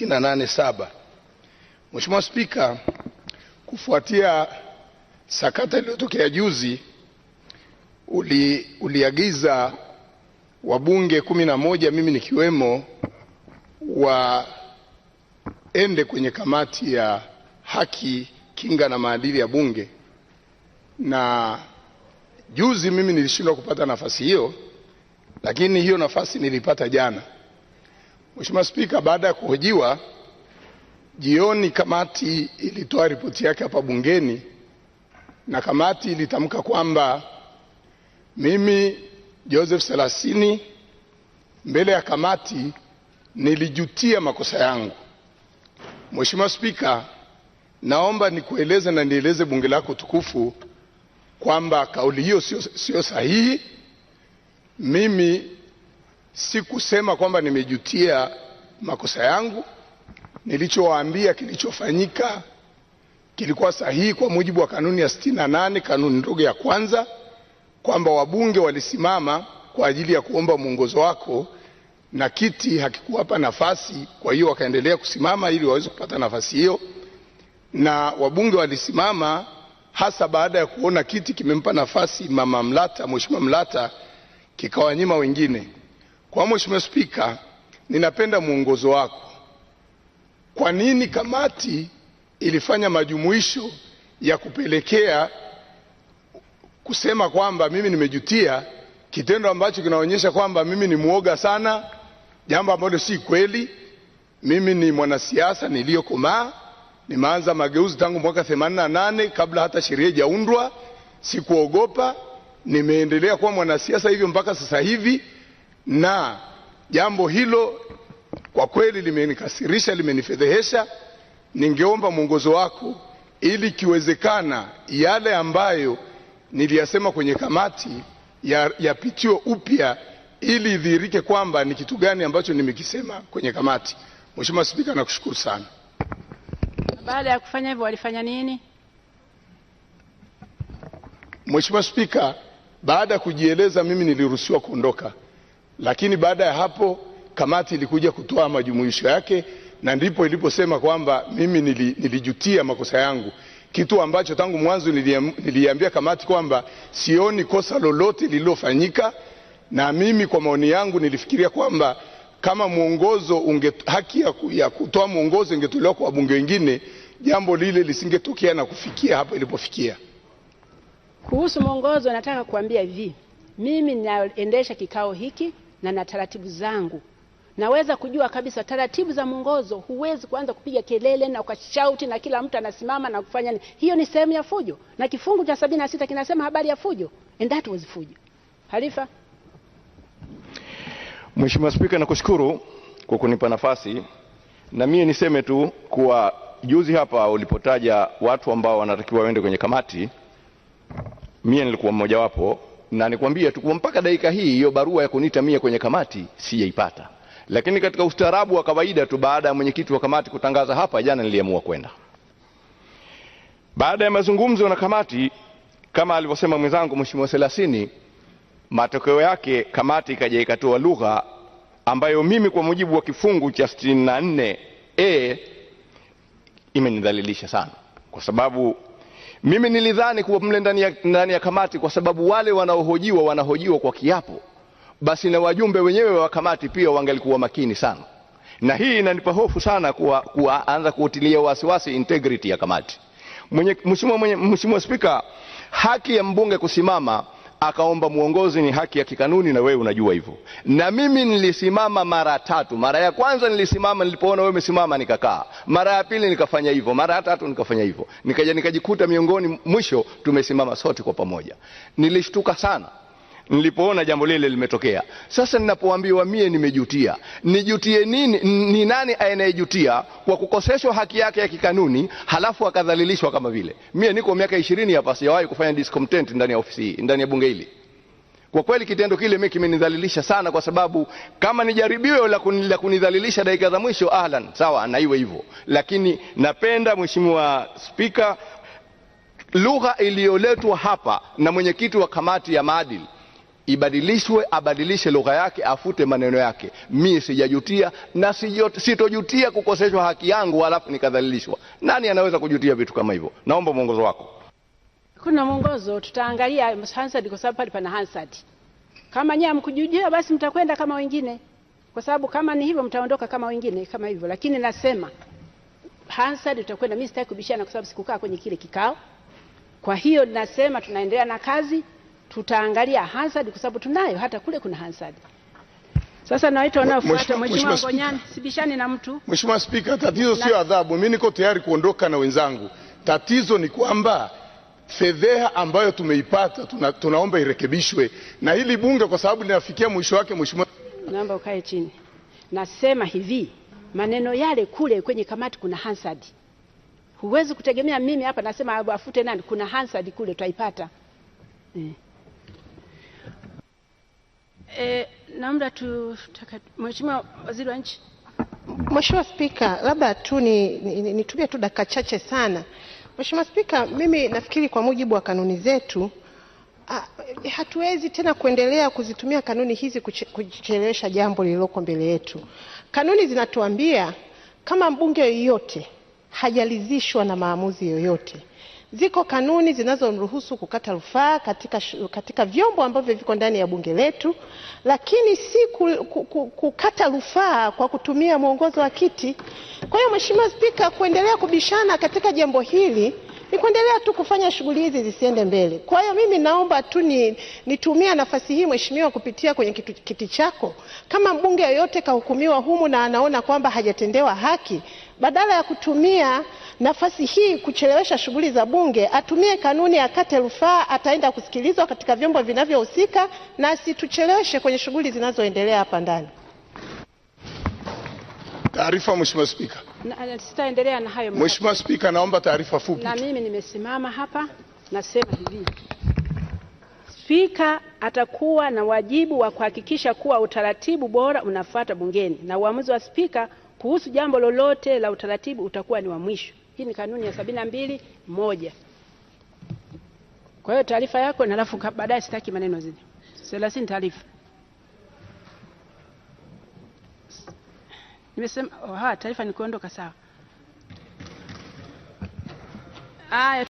Mheshimiwa Spika, kufuatia sakata iliyotokea juzi uli, uliagiza wabunge kumi na moja mimi nikiwemo waende kwenye kamati ya haki, kinga na maadili ya Bunge, na juzi mimi nilishindwa kupata nafasi hiyo, lakini hiyo nafasi nilipata jana. Mheshimiwa Spika, baada ya kuhojiwa jioni, kamati ilitoa ripoti yake hapa bungeni na kamati ilitamka kwamba mimi Joseph Selasini mbele ya kamati nilijutia makosa yangu. Mheshimiwa Spika, naomba nikueleze na nieleze bunge lako tukufu kwamba kauli hiyo sio sahihi. Mimi Sikusema kwamba nimejutia makosa yangu. Nilichowaambia kilichofanyika kilikuwa sahihi kwa mujibu wa kanuni ya sitini na nane kanuni ndogo ya kwanza, kwamba wabunge walisimama kwa ajili ya kuomba mwongozo wako na kiti hakikuwapa nafasi, kwa hiyo wakaendelea kusimama ili waweze kupata nafasi hiyo, na wabunge walisimama hasa baada ya kuona kiti kimempa nafasi mama Mlata, mheshimiwa Mlata, kikawanyima wengine. Kwa Mheshimiwa Spika, ninapenda mwongozo wako. Kwa nini kamati ilifanya majumuisho ya kupelekea kusema kwamba mimi nimejutia kitendo ambacho kinaonyesha kwamba mimi ni mwoga sana, jambo ambalo si kweli. Mimi ni mwanasiasa niliyokomaa, nimeanza mageuzi tangu mwaka 88 kabla hata sheria ijaundwa. Sikuogopa, nimeendelea kuwa mwanasiasa hivyo mpaka sasa hivi na jambo hilo kwa kweli limenikasirisha, limenifedhehesha. Ningeomba mwongozo wako ili ikiwezekana yale ambayo niliyasema kwenye kamati yapitiwe ya upya ili idhihirike kwamba ni kitu gani ambacho nimekisema kwenye kamati. Mheshimiwa Spika, nakushukuru sana. Baada ya kufanya hivyo walifanya nini? Mheshimiwa Spika, baada ya kujieleza mimi niliruhusiwa kuondoka. Lakini baada ya hapo kamati ilikuja kutoa majumuisho yake, na ndipo iliposema kwamba mimi nilijutia makosa yangu, kitu ambacho tangu mwanzo niliambia kamati kwamba sioni kosa lolote lililofanyika, na mimi kwa maoni yangu nilifikiria kwamba kama mwongozo unge, haki ya, ya kutoa mwongozo ingetolewa kwa wabunge wengine, jambo lile lisingetokea na kufikia hapo ilipofikia. Kuhusu mwongozo, nataka kuambia hivi, mimi ninaendesha kikao hiki na na taratibu zangu naweza kujua kabisa taratibu za mwongozo. Huwezi kuanza kupiga kelele na ukashauti na kila mtu anasimama na kufanya nini. Hiyo ni sehemu ya fujo, na kifungu cha sabini na sita kinasema habari ya fujo, and that was fujo. Halifa. Mheshimiwa Spika, nakushukuru kwa kunipa nafasi, na mimi niseme tu kuwa juzi hapa ulipotaja watu ambao wanatakiwa waende kwenye kamati, mimi nilikuwa mmojawapo na nikwambie tu mpaka dakika hii hiyo barua ya kuniita mie kwenye kamati sijaipata, lakini katika ustaarabu wa kawaida tu, baada ya mwenyekiti wa kamati kutangaza hapa jana, niliamua kwenda. Baada ya mazungumzo na kamati, kama alivyosema mwenzangu Mheshimiwa Selasini, matokeo yake kamati ikaja ikatoa lugha ambayo mimi kwa mujibu wa kifungu cha 64 a imenidhalilisha sana, kwa sababu mimi nilidhani kuwa mle ndani ya, ndani ya kamati kwa sababu wale wanaohojiwa wanahojiwa kwa kiapo, basi na wajumbe wenyewe wa kamati pia wangelikuwa makini sana, na hii inanipa hofu sana kuwa, kuwa anza kuutilia wasiwasi integrity ya kamati. Mheshimiwa Spika, haki ya mbunge kusimama akaomba mwongozi, ni haki ya kikanuni, na wewe unajua hivyo. Na mimi nilisimama mara tatu. Mara ya kwanza nilisimama, nilipoona wewe umesimama nikakaa. Mara ya pili nikafanya hivyo, mara ya tatu nikafanya hivyo, nikaja nikajikuta miongoni, mwisho tumesimama sote kwa pamoja. Nilishtuka sana nilipoona jambo lile limetokea. Sasa ninapoambiwa mie nimejutia, nijutie nini? Ni nani anayejutia kwa kukoseshwa haki yake ya kikanuni halafu akadhalilishwa kama vile mie? Niko miaka ishirini hapa, sijawahi kufanya discontent ndani ya ofisi hii, ndani ya bunge hili. Kwa kweli kitendo kile mimi kimenidhalilisha sana, kwa sababu kama ni jaribio la kunidhalilisha dakika za mwisho, ahlan, sawa na iwe hivyo, lakini napenda Mheshimiwa Spika, lugha iliyoletwa hapa na mwenyekiti wa kamati ya maadili ibadilishwe, abadilishe lugha yake, afute maneno yake. Mimi sijajutia na sitojutia kukoseshwa haki yangu, halafu nikadhalilishwa. Nani anaweza kujutia vitu kama hivyo? Naomba mwongozo wako. Kuna mwongozo, tutaangalia Hansard kwa sababu pale pana Hansard. Kama nyinyi hamkujutia, basi mtakwenda kama wengine, kwa sababu kama ni hivyo, mtaondoka kama wengine kama hivyo. Lakini nasema Hansard utakwenda. Mimi sitaki kubishana, kwa sababu sikukaa kwenye kile kikao. Kwa hiyo nasema tunaendelea na kazi tutaangalia hazard kwa sababu tunayo hata kule kuna hazard. Sasa nawaita wanaofuata. Mheshimiwa Ngonyani, sibishani na mtu. Mheshimiwa Spika, tatizo sio adhabu. Mimi niko tayari kuondoka na wenzangu. Tatizo ni kwamba fedheha ambayo tumeipata tuna, tunaomba irekebishwe na hili bunge kwa sababu linafikia mwisho wake. Mheshimiwa, naomba ukae chini. Nasema hivi maneno yale kule kwenye kamati kuna hazard. Huwezi kutegemea mimi hapa nasema afute nani, kuna hazard kule tutaipata. Mm. E, eh, namda tu Mheshimiwa Waziri wa Nchi. Mheshimiwa Spika, labda tu nitumie ni, ni tu dakika chache sana. Mheshimiwa Spika, mimi nafikiri kwa mujibu wa kanuni zetu hatuwezi tena kuendelea kuzitumia kanuni hizi kuchelewesha jambo lililoko mbele yetu. Kanuni zinatuambia kama mbunge yoyote hajalizishwa na maamuzi yoyote Ziko kanuni zinazomruhusu kukata rufaa katika, katika vyombo ambavyo viko ndani ya bunge letu, lakini si kukata rufaa kwa kutumia mwongozo wa kiti. Kwa hiyo Mheshimiwa Spika, kuendelea kubishana katika jambo hili ni kuendelea tu kufanya shughuli hizi zisiende mbele. Kwa hiyo mimi naomba tu ni, nitumia nafasi hii Mheshimiwa kupitia kwenye kiti chako, kama mbunge yoyote kahukumiwa humu na anaona kwamba hajatendewa haki badala ya kutumia nafasi hii kuchelewesha shughuli za Bunge, atumie kanuni kate rufaa. Ataenda kusikilizwa katika vyombo vinavyohusika na asitucheleweshe kwenye shughuli zinazoendelea hapa ndani. Taarifa, Mheshimiwa Spika. Na, eh, sitaendelea na hayo. Mheshimiwa Spika, naomba taarifa fupi. Na mimi nimesimama hapa nasema hivi. Spika atakuwa na wajibu wa kuhakikisha kuwa utaratibu bora unafuata bungeni na uamuzi wa spika kuhusu jambo lolote la utaratibu utakuwa ni wa mwisho. Hii ni kanuni ya sabini na mbili moja. Kwa hiyo taarifa yako na alafu baadaye sitaki maneno zidi thelathini taarifa nimesema oh, taarifa nikuondoka sawa. Aya.